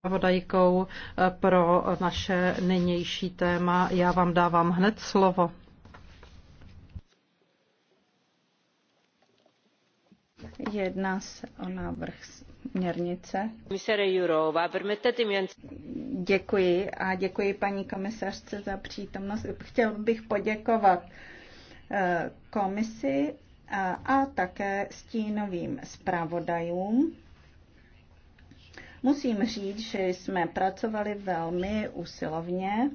zpravodajkou eh, pro naše nynější téma. Já vám dávám hned slovo. Jedná se o návrh směrnice. Děkuji a děkuji paní komisařce za přítomnost. Chtěl bych poděkovat eh, komisi eh, a také stínovým zpravodajům Musím říct, že jsme pracovali velmi usilovně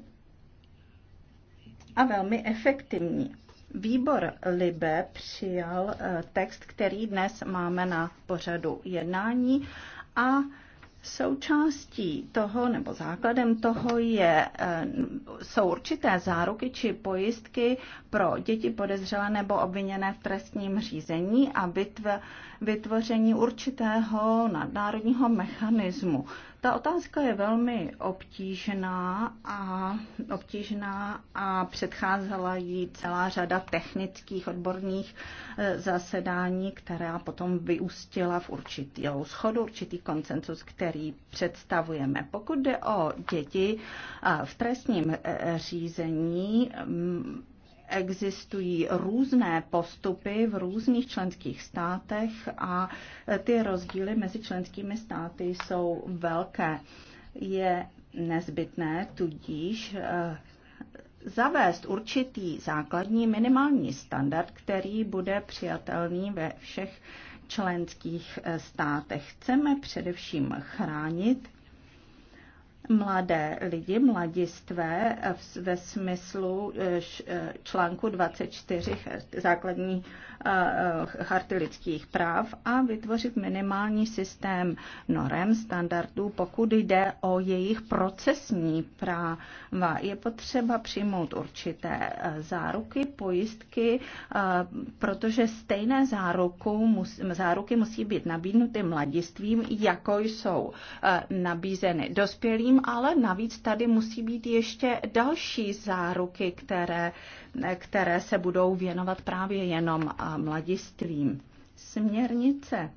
a velmi efektivní. Výbor Libe přijal eh, text, který dnes máme na pořadu jednání a Součástí toho nebo základem toho je, eh, jsou určité záruky či pojistky pro děti podezřelé nebo obviněné v trestním řízení a vytv, vytvoření určitého nadnárodního mechanismu. Ta otázka je velmi obtížná a, obtížná a předcházela jí celá řada technických odborných e, zasedání, která potom vyústila v určitou schodu, určitý koncensus, který představujeme. Pokud jde o děti v trestním e, řízení, existují různé postupy v různých členských státech a ty rozdíly mezi členskými státy jsou velké. Je nezbytné tudíž eh, zavést určitý základní minimální standard, který bude přijatelný ve všech členských eh, státech. Chceme především chránit mladé lidi, mladistvé ve smyslu eh, eh, článku 24 eh, základní charty lidských práv a vytvořit minimální systém norem, standardů, pokud jde o jejich procesní práva. Je potřeba přijmout určité e, záruky, pojistky, e, protože stejné záruku, záruky musí být nabídnuty mladistvím, jako jsou e, nabízeny dospělým, ale navíc tady musí být ještě další záruky, které které se budou věnovat právě jenom mladistvím. Směrnice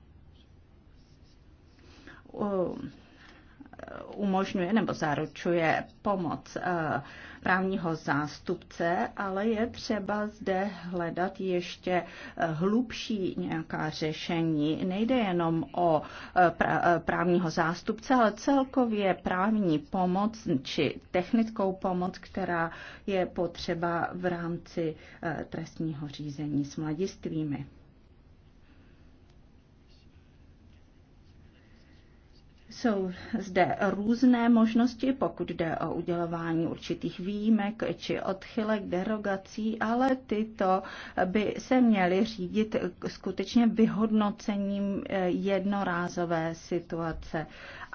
umožňuje nebo zaručuje pomoc eh, právního zástupce, ale je třeba zde hledat ještě eh, hlubší nějaká řešení. Nejde jenom o eh, právního zástupce, ale celkově právní pomoc či technickou pomoc, která je potřeba v rámci trestního řízení s mladistvými. Jsou zde různé možnosti, pokud jde o udělování určitých výjimek či odchylek, derogací, ale tyto by se měly řídit skutečně vyhodnocením eh, jednorázové situace.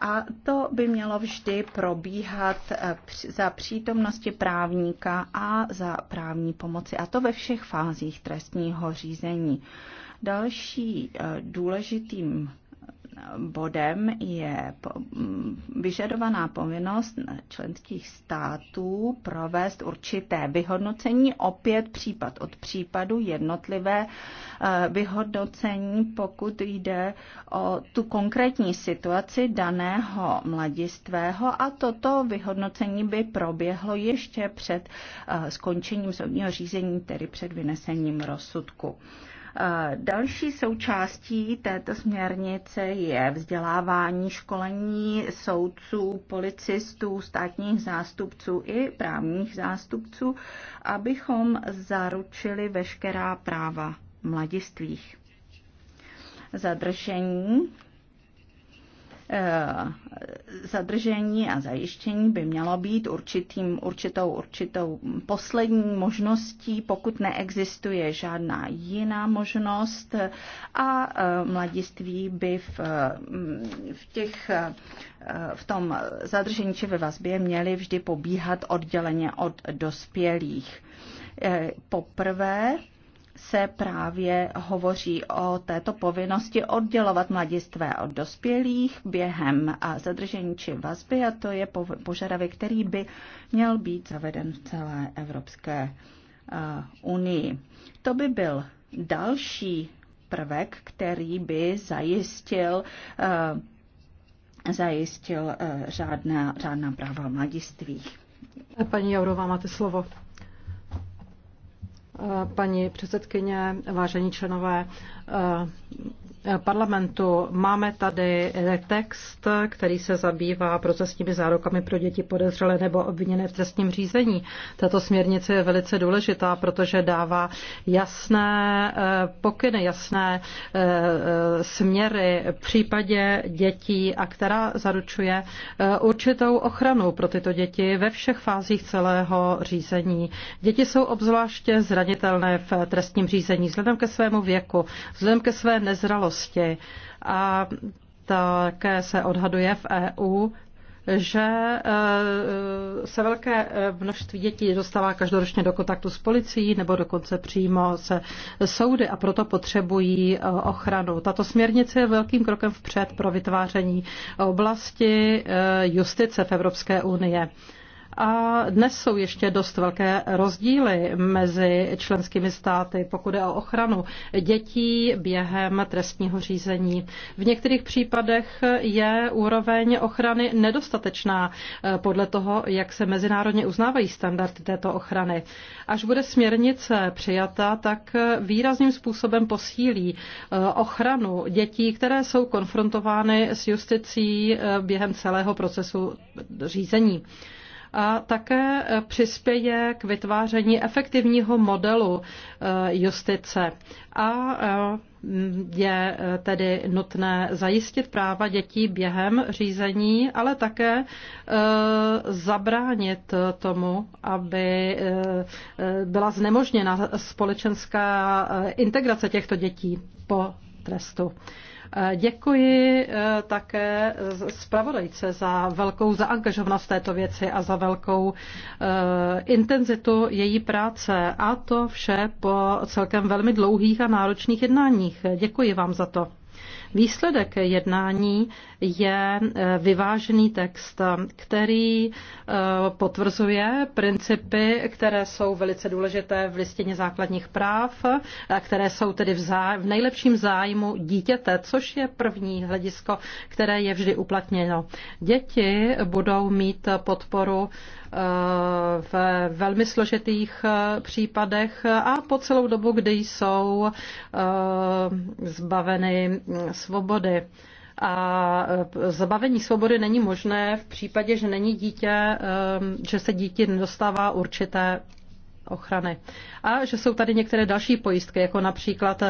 A to by mělo vždy probíhat eh, za přítomnosti právníka a za právní pomoci, a to ve všech fázích trestního řízení. Další eh, důležitým bodem je mm, vyžadovaná povinnost členských států provést určité vyhodnocení, opět případ od případu, jednotlivé eh, vyhodnocení, pokud jde o tu konkrétní situaci daného mladistvého a toto vyhodnocení by proběhlo ještě před eh, skončením soudního řízení, tedy před vynesením rozsudku. Eh, další součástí této směrnice je vzdělávání, školení soudců, policistů, státních zástupců i právních zástupců, abychom zaručili veškerá práva mladistvých. Zadržení Eh, zadržení a zajištění by mělo být určitým, určitou, určitou poslední možností, pokud neexistuje žádná jiná možnost a eh, mladiství by v, eh, v, těch, v tom zadržení či ve vazbě měli vždy pobíhat odděleně od dospělých. Poprvé se právě hovoří o této povinnosti oddělovat mladistvé od dospělých během zadržení či vazby a to je požadavek, který by měl být zaveden v celé Evropské unii. To by byl další prvek, který by zajistil zajistil řádná, řádná práva mladistvých. Paní Jourová, máte slovo. Paní předsedkyně, vážení členové parlamentu. Máme tady text, který se zabývá procesními zárokami pro děti podezřelé nebo obviněné v trestním řízení. Tato směrnice je velice důležitá, protože dává jasné eh, pokyny, jasné eh, směry v případě dětí a která zaručuje eh, určitou ochranu pro tyto děti ve všech fázích celého řízení. Děti jsou obzvláště zranitelné v trestním řízení vzhledem ke svému věku, vzhledem ke své nezralosti prostě. a také se odhaduje v EU, že e, se velké e, množství dětí dostává každoročně do kontaktu s policií nebo dokonce přímo se soudy a proto potřebují e, ochranu. Tato směrnice je velkým krokem vpřed pro vytváření oblasti justice v Evropské unie. A dnes jsou ještě dost velké rozdíly mezi členskými státy, pokud je o ochranu dětí během trestního řízení. V některých případech je úroveň ochrany nedostatečná eh, podle toho, jak se mezinárodně uznávají standardy této ochrany. Až bude směrnice přijata, tak výrazným způsobem posílí eh, ochranu dětí, které jsou konfrontovány s justicí eh, během celého procesu řízení a také eh, přispěje k vytváření efektivního modelu eh, justice a eh, je tedy nutné zajistit práva dětí během řízení, ale také zabránit tomu, aby byla znemožněna společenská integrace těchto dětí po trestu. Eh, děkuji eh, také zpravodajce za velkou zaangažovanost této věci a za velkou eh, intenzitu její práce. A to vše po celkem velmi dlouhých a náročných jednáních. Děkuji vám za to. Výsledek jednání je eh, vyvážený text, který eh, potvrzuje principy, které jsou velice důležité v listině základních práv, eh, které jsou tedy v, v nejlepším zájmu dítěte, což je první hledisko, které je vždy uplatněno. Děti budou mít podporu v velmi složitých eh, případech a po celou dobu, kdy jsou eh, zbaveny mm, svobody. A eh, zabavení svobody není možné v případě, že není dítě, že se dítě nedostává určité ochrany. A že jsou tady některé další pojistky, jako například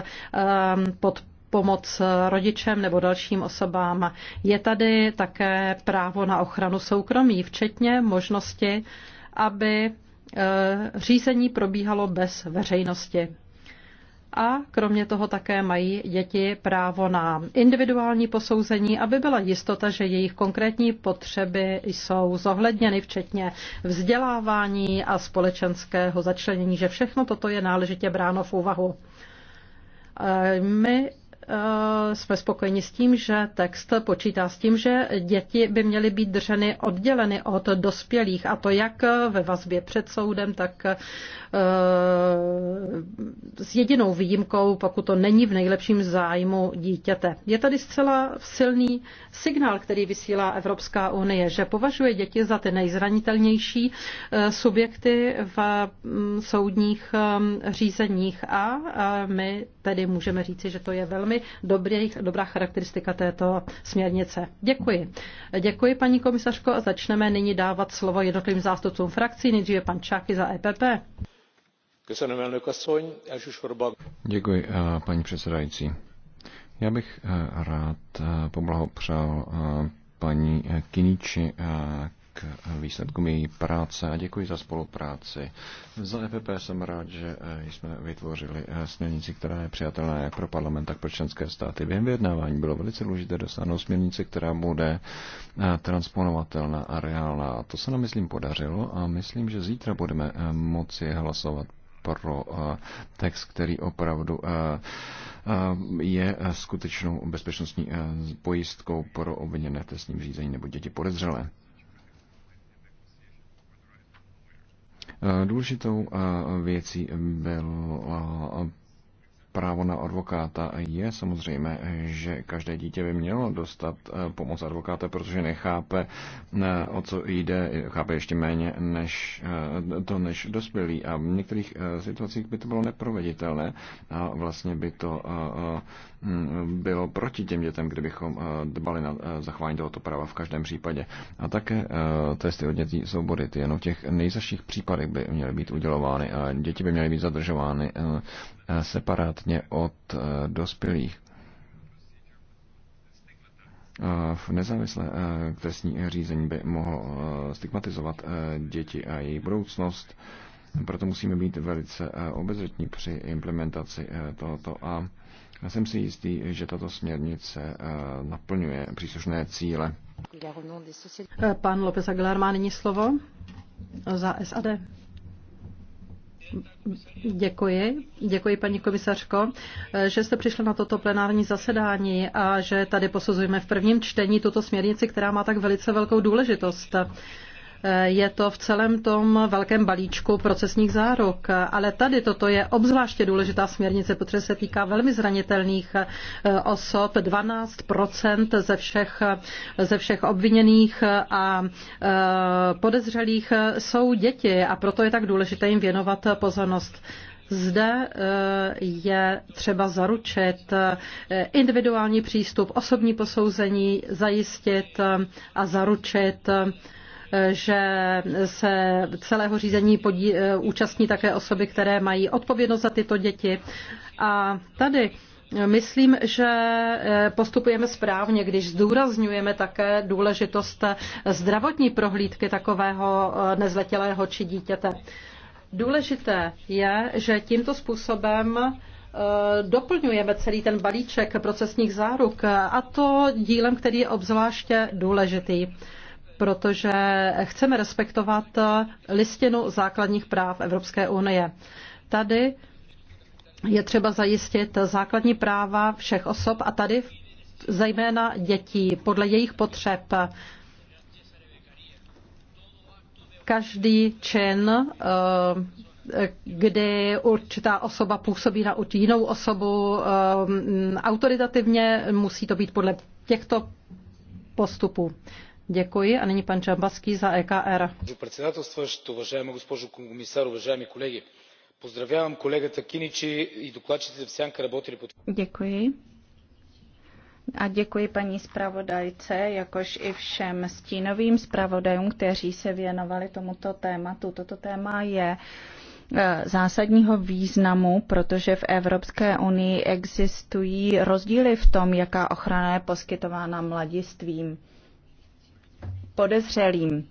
pod pomoc rodičem nebo dalším osobám. Je tady také právo na ochranu soukromí, včetně možnosti, aby e, řízení probíhalo bez veřejnosti. A kromě toho také mají děti právo na individuální posouzení, aby byla jistota, že jejich konkrétní potřeby jsou zohledněny, včetně vzdělávání a společenského začlenění, že všechno toto je náležitě bráno v úvahu. E, my Eh, jsme spokojeni s tím, že text počítá s tím, že děti by měly být drženy odděleny od dospělých, a to jak ve vazbě před soudem, tak eh, s jedinou výjimkou, pokud to není v nejlepším zájmu dítěte. Je tady zcela silný signál, který vysílá Evropská unie, že považuje děti za ty nejzranitelnější eh, subjekty v mm, soudních řízeních a my tedy můžeme říci, že to je velmi velmi dobrý, dobrá charakteristika této směrnice. Děkuji. Děkuji, paní komisařko, a začneme nyní dávat slovo jednotlivým zástupcům frakcí. Nejdříve pan Čáky za EPP. Děkuji, eh, paní předsedající. Já bych eh, rád eh, poblahopřál paní Kiniči k výsledkům její práce a děkuji za spolupráci. Za EPP jsem rád, že eh, jsme vytvořili eh, směrnici, která je přijatelná jak pro parlament, tak pro členské státy. Během vyjednávání bylo velice důležité dosáhnout směrnici, která bude eh, transponovatelná a reálná. A to se nám, myslím, podařilo a myslím, že zítra budeme moci hlasovat pro text, který opravdu je skutečnou bezpečnostní pojistkou pro obviněné testním řízení nebo děti podezřelé. Eh, důležitou eh, věcí bylo eh, právo na advokáta. Je samozřejmé, že každé dítě by mělo dostat pomoc advokáta, protože nechápe, o co jde, chápe ještě méně než to, než dospělí. A v některých situacích by to bylo neproveditelné a vlastně by to Mm, bylo proti těm dětem, kdybychom eh, dbali na eh, zachování tohoto práva v každém případě. A také eh, testy odnětí svobody, ty jenom v těch nejzaších případech by měly být udělovány a děti by měly být zadržovány separátně od dospělých v nezávislé trestní řízení by mohlo stigmatizovat děti a její budoucnost. Proto musíme být velice obezřetní při implementaci tohoto a já jsem si jistý, že tato směrnice eh, naplňuje příslušné cíle. Eh, pan López Aguilar má nyní slovo za SAD. Děkuji. Děkuji, paní komisařko, eh, že jste přišla na toto plenární zasedání a že tady posuzujeme v prvním čtení tuto směrnici, která má tak velice velkou důležitost. Eh, je to v celém tom velkém balíčku procesních záruk, ale tady toto je obzvláště důležitá směrnice, protože se týká velmi zranitelných eh, osob, 12 ze všech, ze všech obviněných a eh, podezřelých jsou děti a proto je tak důležité jim věnovat pozornost. Zde je třeba zaručit individuální přístup, osobní posouzení, zajistit a zaručit že se celého řízení podí, eh, účastní také osoby, které mají odpovědnost za tyto děti. A tady eh, Myslím, že eh, postupujeme správně, když zdůrazňujeme také důležitost zdravotní prohlídky takového nezletilého či dítěte. Důležité je, že tímto způsobem doplňujeme celý ten balíček procesních záruk a to dílem, který je obzvláště důležitý protože chceme respektovat listinu základních práv Evropské unie. Tady je třeba zajistit základní práva všech osob a tady zejména dětí podle jejich potřeb. Každý čin, eh, kdy určitá osoba působí na jinou osobu eh, autoritativně, musí to být podle těchto postupů. Děkuji a nyní pan Čambaský za EKR. Děkuji. A děkuji paní zpravodajce, jakož i všem stínovým zpravodajům, kteří se věnovali tomuto tématu. Toto téma je e, zásadního významu, protože v Evropské unii existují rozdíly v tom, jaká ochrana je poskytována mladistvím podezřelým.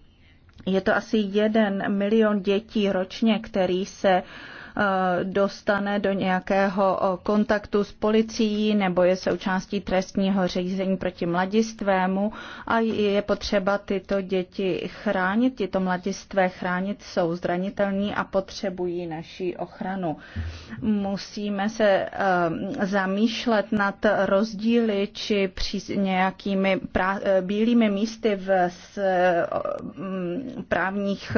Je to asi jeden milion dětí ročně, který se Eh, dostane do nějakého eh, kontaktu s policií nebo je součástí trestního řízení proti mladistvému a je potřeba tyto děti chránit, tyto mladistvé chránit, jsou zranitelní a potřebují naší ochranu. Musíme se eh, zamýšlet nad rozdíly či při nějakými bílými místy v právních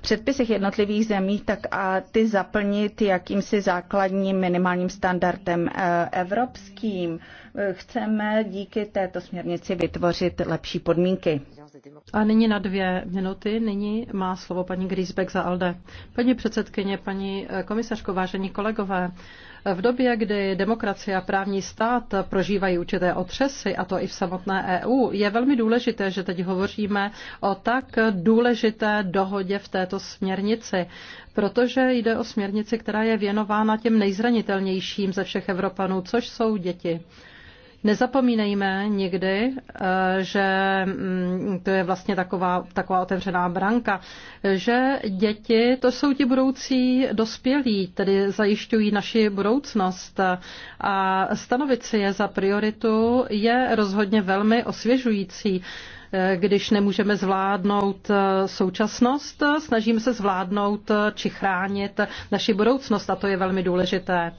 předpisech jednotlivých zemí, tak a ty zaplňují plnit jakýmsi základním minimálním standardem eh, evropským. Eh, chceme díky této směrnici vytvořit lepší podmínky. A nyní na dvě minuty, nyní má slovo paní Griesbeck za ALDE. Paní předsedkyně, paní eh, komisařko, vážení kolegové, v době, kdy demokracie a právní stát prožívají určité otřesy, a to i v samotné EU, je velmi důležité, že teď hovoříme o tak důležité dohodě v této směrnici, protože jde o směrnici, která je věnována těm nejzranitelnějším ze všech Evropanů, což jsou děti. Nezapomínejme nikdy, eh, že mm, to je vlastně taková, taková otevřená branka, že děti to jsou ti budoucí dospělí, tedy zajišťují naši budoucnost a stanovit si je za prioritu je rozhodně velmi osvěžující eh, když nemůžeme zvládnout eh, současnost, snažíme se zvládnout či chránit naši budoucnost a to je velmi důležité.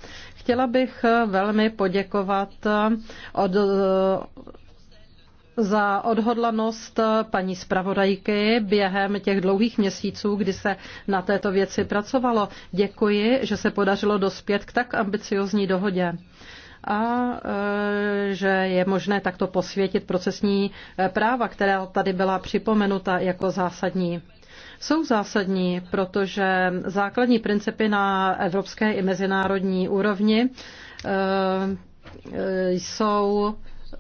Chtěla bych velmi poděkovat eh, od, eh, za odhodlanost paní zpravodajky během těch dlouhých měsíců, kdy se na této věci pracovalo. Děkuji, že se podařilo dospět k tak ambiciozní dohodě a eh, že je možné takto posvětit procesní práva, která tady byla připomenuta jako zásadní jsou zásadní, protože základní principy na evropské i mezinárodní úrovni eh, eh, jsou eh,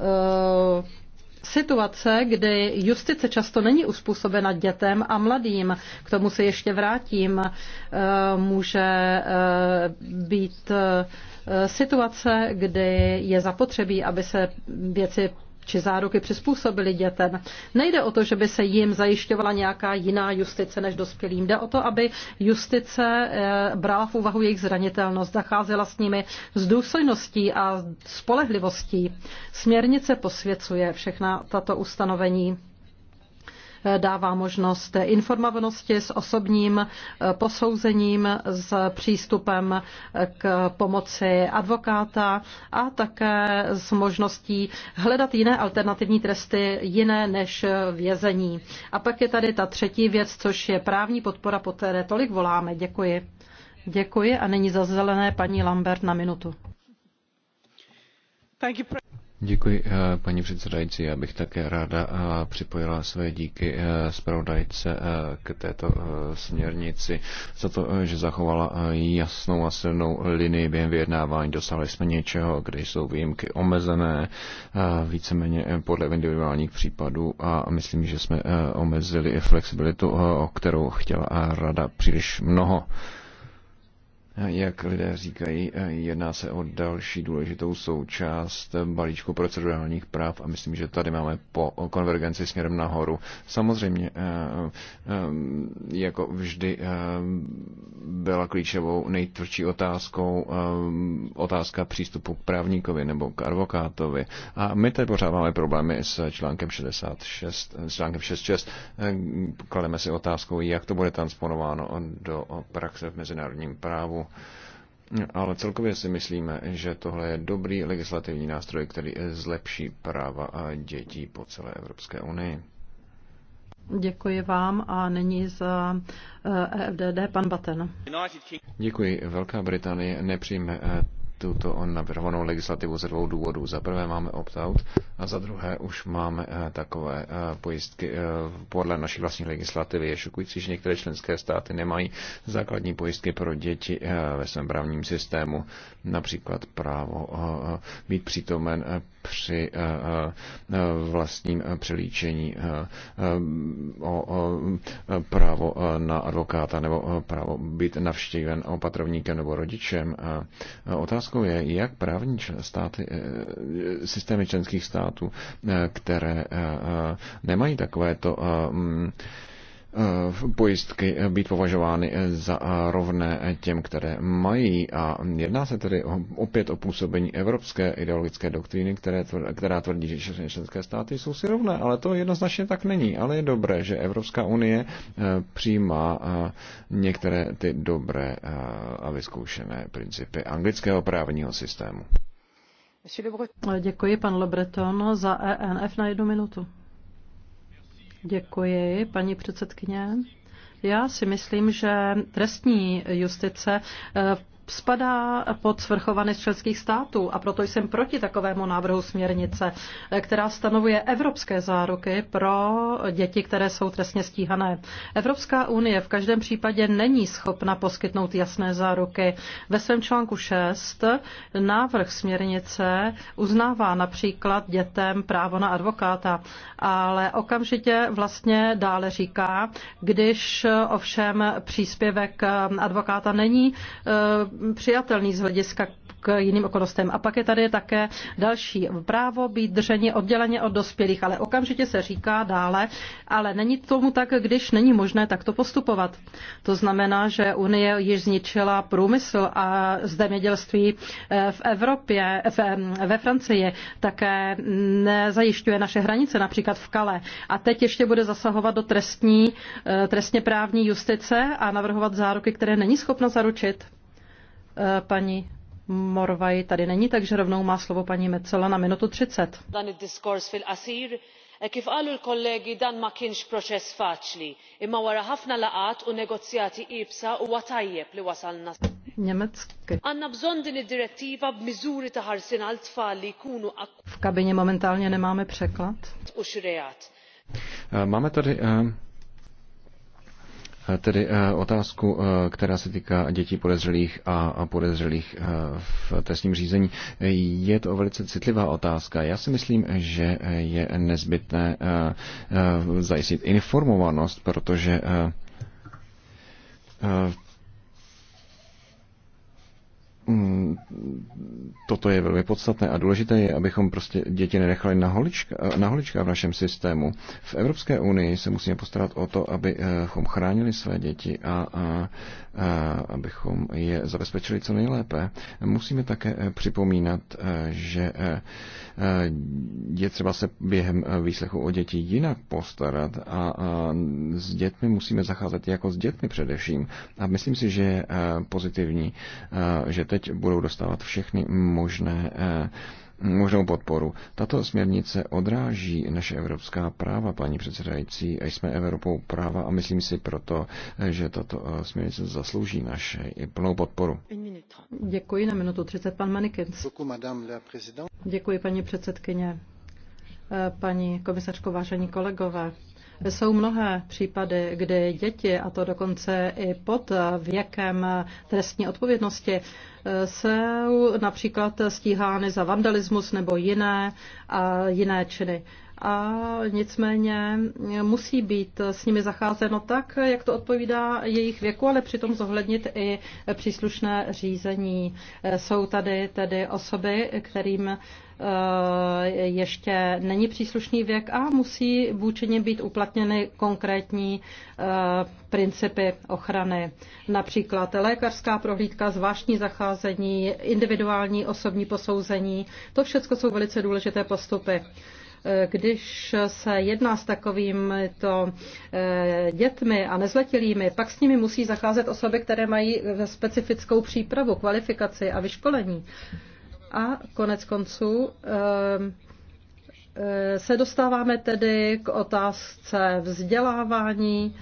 situace, kdy justice často není uspůsobena dětem a mladým, k tomu se ještě vrátím, může být situace, kdy je zapotřebí, aby se věci či záruky přizpůsobili dětem. Nejde o to, že by se jim zajišťovala nějaká jiná justice než dospělým. Jde o to, aby justice eh, brala v úvahu jejich zranitelnost, zacházela s nimi s důstojností a spolehlivostí. Směrnice posvěcuje všechna tato ustanovení dává možnost informovanosti s osobním eh, posouzením, s přístupem eh, k pomoci advokáta a také s možností hledat jiné alternativní tresty, jiné než eh, vězení. A pak je tady ta třetí věc, což je právní podpora, po které tolik voláme. Děkuji. Děkuji a není za zelené paní Lambert na minutu. Děkuji, eh, paní předsedající. Já bych také ráda eh, připojila své díky eh, zpravodajce k této směrnici za to, že zachovala jasnou a silnou linii během vyjednávání. Dosáhli jsme něčeho, kde jsou výjimky omezené, víceméně podle individuálních případů a myslím, že jsme omezili flexibilitu, o kterou chtěla rada příliš mnoho. Jak lidé říkají, eh, jedná se o další důležitou součást eh, balíčku procedurálních práv a myslím, že tady máme po konvergenci směrem nahoru. Samozřejmě, eh, jako vždy, byla klíčovou nejtvrdší otázkou otázka přístupu k právníkovi nebo k advokátovi. A my tady pořád máme problémy s článkem 66, s článkem 66. Klademe si otázkou, jak to bude transponováno do praxe v mezinárodním právu ale celkově si myslíme, že tohle je dobrý legislativní nástroj, který zlepší práva dětí po celé Evropské unii. Děkuji vám a nyní za EFDD eh, e pan Baten. Děkuji. Velká Británie nepřijme eh, tuto navrhovanou legislativu ze dvou důvodů. Za prvé máme opt-out a za druhé už máme eh, takové eh, pojistky eh, podle naší vlastní legislativy. Je šokující, že některé členské státy nemají základní pojistky pro děti ve svém právním systému, například právo být přítomen při vlastním přelíčení o právo na advokáta nebo právo být navštíven opatrovníkem nebo rodičem. Otázka Otázkou je, jak právní státy, eh, eh, systémy členských států, eh, které nemají takovéto mm, pojistky být považovány za rovné těm, které mají. A jedná se tedy opět o působení evropské ideologické doktríny, které, která tvrdí, že členské státy jsou si rovné, ale to jednoznačně tak není. Ale je dobré, že Evropská unie eh, přijímá eh, některé ty dobré eh, a vyzkoušené principy anglického právního systému. Děkuji, pan Lebreton, za ENF na jednu minutu. Děkuji, paní předsedkyně. Já si myslím, že trestní justice eh, spadá pod svrchovanost členských států a proto jsem proti takovému návrhu směrnice, která stanovuje evropské záruky pro děti, které jsou trestně stíhané. Evropská unie v každém případě není schopna poskytnout jasné záruky. Ve svém článku 6 návrh směrnice uznává například dětem právo na advokáta, ale okamžitě vlastně dále říká, když ovšem příspěvek advokáta není eh, přijatelný z hlediska k jiným okolnostem. A pak je tady také další právo být drženi odděleně od dospělých, ale okamžitě se říká dále, ale není tomu tak, když není možné takto postupovat. To znamená, že Unie již zničila průmysl a zemědělství eh, v Evropě, eh, ve Francii také nezajišťuje naše hranice, například v Kale. A teď ještě bude zasahovat do trestní, eh, trestně právní justice a navrhovat záruky, které není schopna zaručit. Eh, paní Morvaj tady není, takže rovnou má slovo paní Mecola na minutu 30. Eh, kif qalu l-kollegi dan ma kienx proċess faċli imma wara ħafna laqat u negozjati li wasalna direttiva għal tfal li V kabině momentálně nemáme překlad. Eh, máme tady Tedy eh, otázku, eh, která se týká dětí podezřelých a podezřelých eh, v trestním řízení. Je to velice citlivá otázka. Já si myslím, že je nezbytné zajistit informovanost, protože Mm, toto je velmi podstatné a důležité je, abychom prostě děti nenechali na holička, na holička v našem systému. V Evropské unii se musíme postarat o to, abychom chránili své děti a, a, a abychom je zabezpečili co nejlépe. Musíme také eh, připomínat, eh, že eh, je třeba se během výslechu o děti jinak postarat a, a s dětmi musíme zacházet jako s dětmi především. A myslím si, že je pozitivní, že teď budou dostávat všechny možné eh, možnou podporu. Tato směrnice odráží naše evropská práva, paní předsedající, a jsme Evropou práva a myslím si proto, že tato eh, směrnice zaslouží naše plnou podporu. Děkuji na minutu 30, pan Manikins. Děkuji, paní předsedkyně. Eh, paní komisařko, vážení kolegové, jsou mnohé případy, kdy děti, a to dokonce i pod věkem trestní odpovědnosti, jsou například stíhány za vandalismus nebo jiné a jiné činy a nicméně musí být s nimi zacházeno tak, jak to odpovídá jejich věku, ale přitom zohlednit i příslušné řízení. Jsou tady tedy osoby, kterým eh, ještě není příslušný věk a musí vůči nim být uplatněny konkrétní eh, principy ochrany. Například lékařská prohlídka, zvláštní zacházení, individuální osobní posouzení. To všechno jsou velice důležité postupy. Když se jedná s takovými to eh, dětmi a nezletilými, pak s nimi musí zacházet osoby, které mají eh, specifickou přípravu, kvalifikaci a vyškolení. A konec konců eh, se dostáváme tedy k otázce vzdělávání,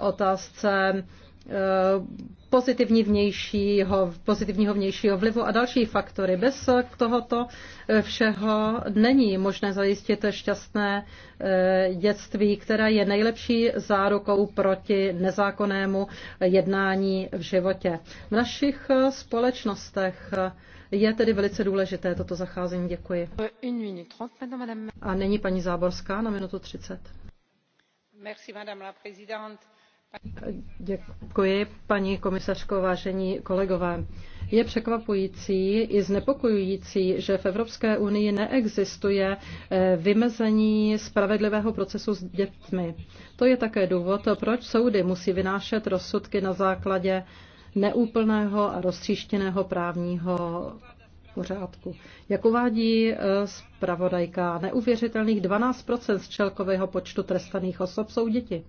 otázce Eh, pozitivní vnějšího, pozitivního vnějšího vlivu a další faktory. Bez tohoto eh, všeho není možné zajistit šťastné eh, dětství, které je nejlepší zárukou proti nezákonnému jednání v životě. V našich společnostech je tedy velice důležité toto zacházení. Děkuji. A nyní paní Záborská na minutu 30. Merci, madame la présidente Děkuji, paní komisařko, vážení kolegové. Je překvapující i znepokojující, že v Evropské unii neexistuje eh, vymezení spravedlivého procesu s dětmi. To je také důvod, proč soudy musí vynášet rozsudky na základě neúplného a roztříštěného právního pořádku. Jak uvádí eh, zpravodajka, neuvěřitelných 12 z čelkového počtu trestaných osob jsou děti.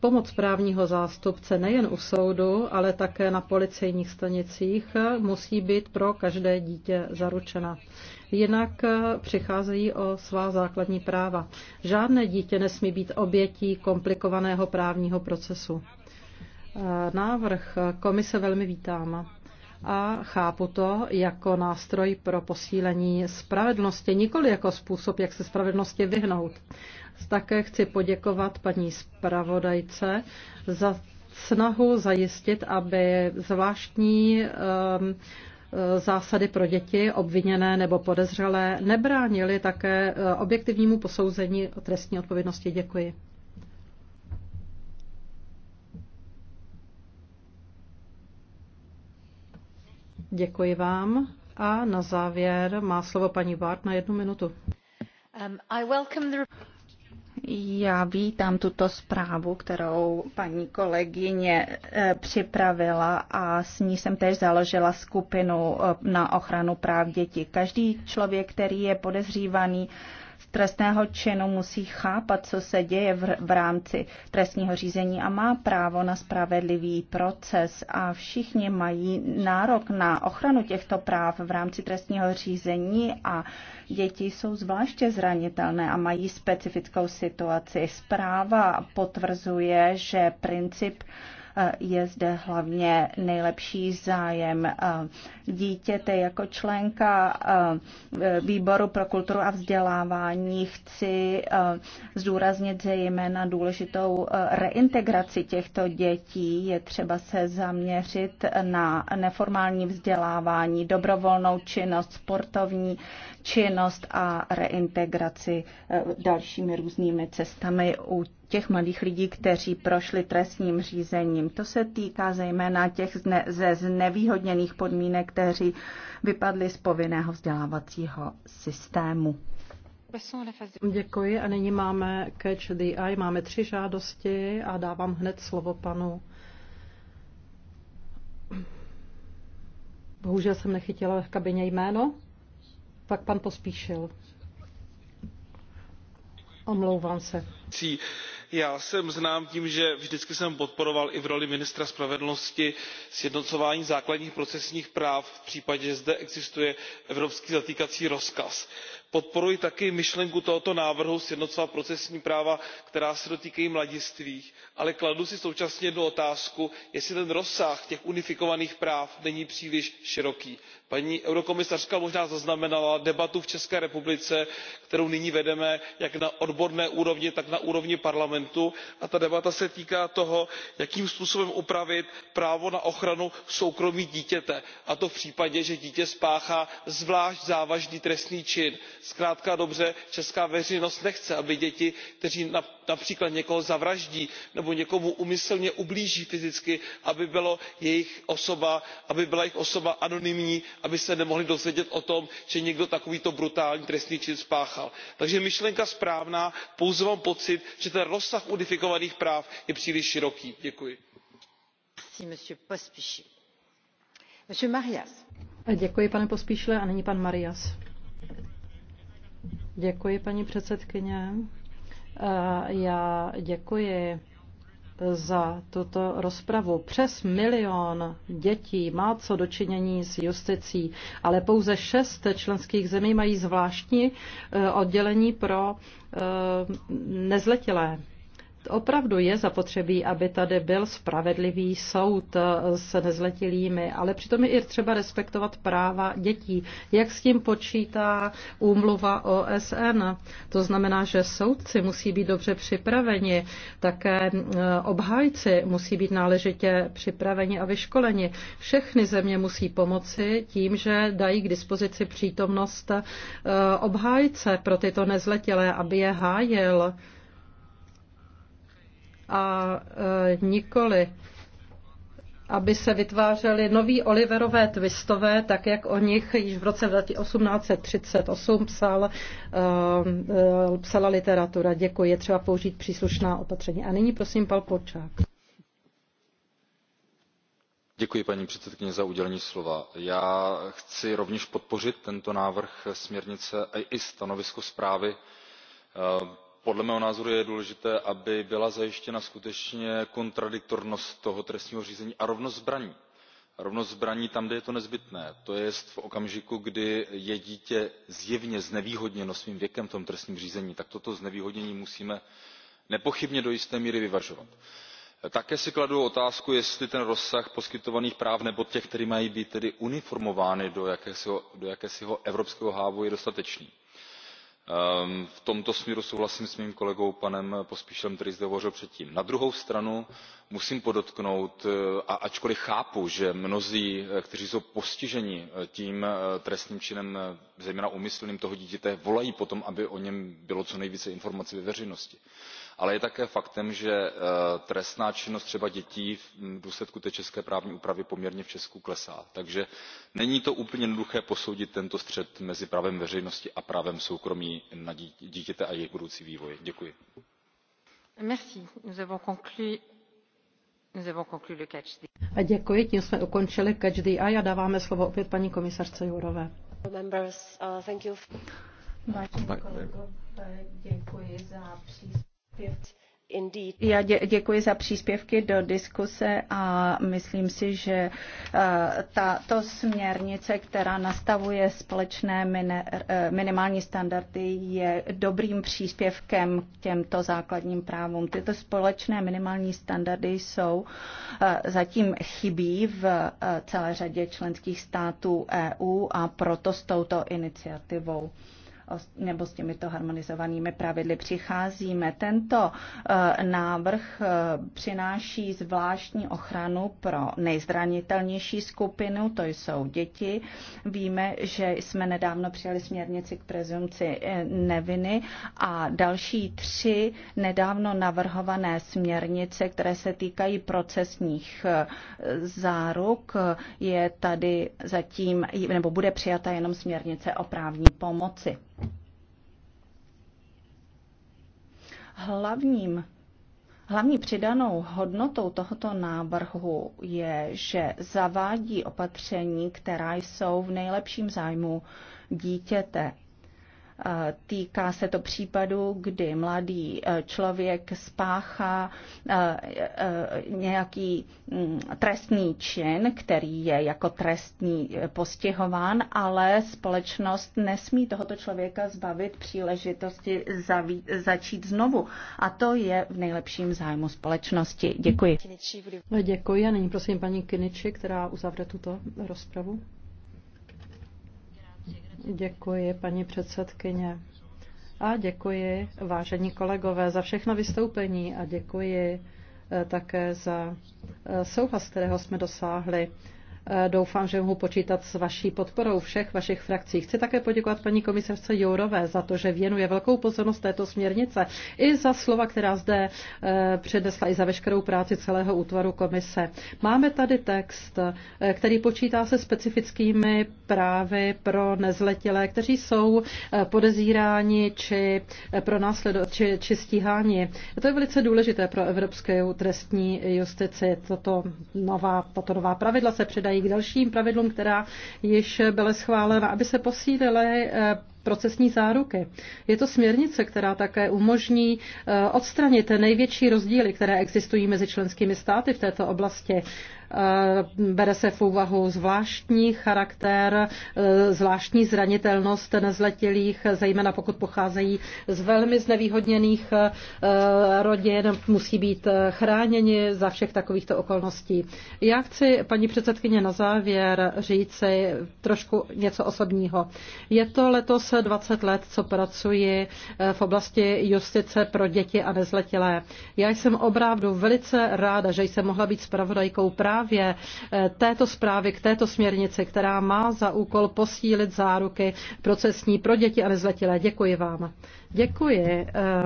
Pomoc právního zástupce nejen u soudu, ale také na policejních stanicích musí být pro každé dítě zaručena. Jinak eh, přicházejí o svá základní práva. Žádné dítě nesmí být obětí komplikovaného právního procesu. Eh, návrh komise velmi vítám a chápu to jako nástroj pro posílení spravedlnosti, nikoli jako způsob, jak se spravedlnosti vyhnout. Také chci poděkovat paní zpravodajce za snahu zajistit, aby zvláštní um, zásady pro děti obviněné nebo podezřelé nebránily také uh, objektivnímu posouzení trestní odpovědnosti. Děkuji. Děkuji vám. A na závěr má slovo paní Bart na jednu minutu. Um, Já vítám tuto zprávu, kterou paní kolegyně eh, připravila a s ní jsem též založila skupinu eh, na ochranu práv dětí. Každý člověk, který je podezřívaný trestného činu musí chápat, co se děje v, v rámci trestního řízení a má právo na spravedlivý proces a všichni mají nárok na ochranu těchto práv v rámci trestního řízení a děti jsou zvláště zranitelné a mají specifickou situaci. Zpráva potvrzuje, že princip uh, je zde hlavně nejlepší zájem eh, dítěte. Jako členka eh, výboru pro kulturu a vzdělávání chci eh, zdůraznit zejména důležitou reintegraci těchto dětí. Je třeba se zaměřit na neformální vzdělávání, dobrovolnou činnost, sportovní činnost a reintegraci dalšími různými cestami u těch mladých lidí, kteří prošli trestním řízením. To se týká zejména těch zne, ze znevýhodněných podmínek, kteří vypadli z povinného vzdělávacího systému. Děkuji a nyní máme Catch the Eye. Máme tři žádosti a dávám hned slovo panu. Bohužel jsem nechytila v kabině jméno. Pak pan pospíšil. Omlouvám se já jsem znám tím že vždycky jsem podporoval i v roli ministra spravedlnosti sjednocování základních procesních práv v případě že zde existuje evropský zatýkací rozkaz podporuji také myšlenku tohoto návrhu sjednocovat procesní práva která se dotýkají mladistvých ale kladu si současně jednu otázku jestli ten rozsah těch unifikovaných práv není příliš široký. paní komisařka možná zaznamenala debatu v české republice kterou nyní vedeme jak na odborné úrovni tak na úrovni parlamentu a ta debata se týká toho jakým způsobem upravit právo na ochranu soukromí dítěte a to v případě že dítě spáchá zvlášť závažný trestný čin zkrátka a dobře česká veřejnost nechce aby děti které například někoho zavraždí nebo někomu úmyslně ublíží fyzicky aby byla jejich osoba anonymní aby se nemohly dozvědět o tom že někdo takovýto brutální trestný čin spáchal. takže myšlenka správná pouze mám pocit že ten rozsah unifikovaných práv je příliš široký. děkuji. Děkuji, a pan Děkuji, paní předsedkyně. Já děkuji za tuto rozpravu. Přes milion dětí má co dočinění s justicí, ale pouze šest členských zemí mají zvláštní eh, oddělení pro eh, nezletilé. Opravdu je zapotřebí, aby tady byl spravedlivý soud eh, s nezletilými, ale přitom je i třeba respektovat práva dětí. Jak s tím počítá úmluva OSN? To znamená, že soudci musí být dobře připraveni, také eh, obhájci musí být náležitě připraveni a vyškoleni. Všechny země musí pomoci tím, že dají k dispozici přítomnost eh, obhájce pro tyto nezletilé, aby je hájil a e, nikoli aby se vytvářely noví Oliverové twistové, tak jak o nich již v roce 1838 psal, e, e, psala literatura. Děkuji, je třeba použít příslušná opatření. A nyní prosím, pal počák. Děkuji, paní předsedkyně, za udělení slova. Já chci rovněž podpořit tento návrh směrnice a i stanovisko zprávy podle mého názoru je důležité aby byla zajištěna skutečně kontradiktornost toho trestního řízení a rovnost zbraní rovnost zbraní tam kde je to nezbytné to jest v okamžiku kdy je dítě zjevně znevýhodněno svým věkem v tom trestním řízení tak toto znevýhodnění musíme nepochybně do jisté míry vyvažovat. také si kladu otázku jestli ten rozsah poskytovaných práv nebo těch která mají být tedy uniformována do jakéhosi evropského hávu je dostatečný. Ehm, v tomto směru souhlasím s mým kolegou panem pospíšilem který zde hovořil předtím. na druhou stranu musím podotknout eh, a ačkoliv chápu že mnozí eh, kteří jsou postiženi eh, tím trestným činem zejména úmyslným toho dítěte volají po tom aby o něm bylo co nejvíce informací ve veřejnosti ale je také faktem že trestná činnost třeba dětí v důsledku té české právní úpravy poměrně v česku klesá takže není to úplně jednoduché posoudit tento střet mezi právem veřejnosti a právem soukromí dítěte a jeho budoucí vývoj. děkuji. A děkuji, tím jsme ukončili Catch the Eye a dáváme slovo opět paní komisařce Jurové. Uh, Vážení kolegové, děkuji za příspěvky já dě, děkuji za příspěvky do diskuse a myslím si, že eh, tato směrnice, která nastavuje společné eh, minimální standardy, je dobrým příspěvkem k těmto základním právům. Tyto společné minimální standardy jsou eh, zatím chybí v celé řadě členských států EU a proto s touto iniciativou nebo s těmito harmonizovanými pravidly přicházíme. Tento eh, návrh eh, přináší zvláštní ochranu pro nejzranitelnější skupinu, to jsou děti. Víme, že jsme nedávno přijali směrnici k prezumci eh, neviny a další tři nedávno navrhované směrnice, které se týkají procesních záruk, je tady zatím, nebo bude přijata jenom směrnice o právní pomoci. Hlavním Hlavní přidanou hodnotou tohoto návrhu je, že zavádí opatření, která jsou v nejlepším zájmu dítěte. Týká se to případu, kdy mladý e, člověk spáchá e, e, nějaký mm, trestný čin, který je jako trestní postihován, ale společnost nesmí tohoto člověka zbavit příležitosti začít znovu. A to je v nejlepším zájmu společnosti. Děkuji. Děkuji a nyní prosím paní Kiniči, která uzavře tuto rozpravu. Děkuji, paní předsedkyně. A děkuji, vážení kolegové, za všechno vystoupení a děkuji eh, také za eh, souhlas, kterého jsme dosáhli. Doufám, že mohu počítat s vaší podporou všech vašich frakcí. Chci také poděkovat paní komisařce Jourové za to, že věnuje velkou pozornost této směrnice i za slova, která zde e, přednesla i za veškerou práci celého útvaru komise. Máme tady text, e, který počítá se specifickými právy pro nezletilé, kteří jsou e, podezíráni či, pro následo, či, či stíháni. To je velice důležité pro evropskou trestní justici. Toto nová, tato nová pravidla se předají k dalším pravidlům, která již byla schválena, aby se posílily eh, procesní záruky. Je to směrnice, která také umožní eh, odstranit největší rozdíly, které existují mezi členskými státy v této oblasti. Eh, bere se v úvahu zvláštní charakter, eh, zvláštní zranitelnost nezletilých, zejména pokud pocházejí z velmi znevýhodněných eh, rodin, musí být chráněni za všech takovýchto okolností. Já chci, paní předsedkyně, na závěr říci trošku něco osobního. Je to letos 20 let, co pracuji v oblasti justice pro děti a nezletilé. Já jsem opravdu velice ráda, že jsem mohla být spravodajkou právě právě eh, této zprávy k této směrnici, která má za úkol posílit záruky procesní pro děti a nezletilé. Děkuji vám. Děkuji. Eh,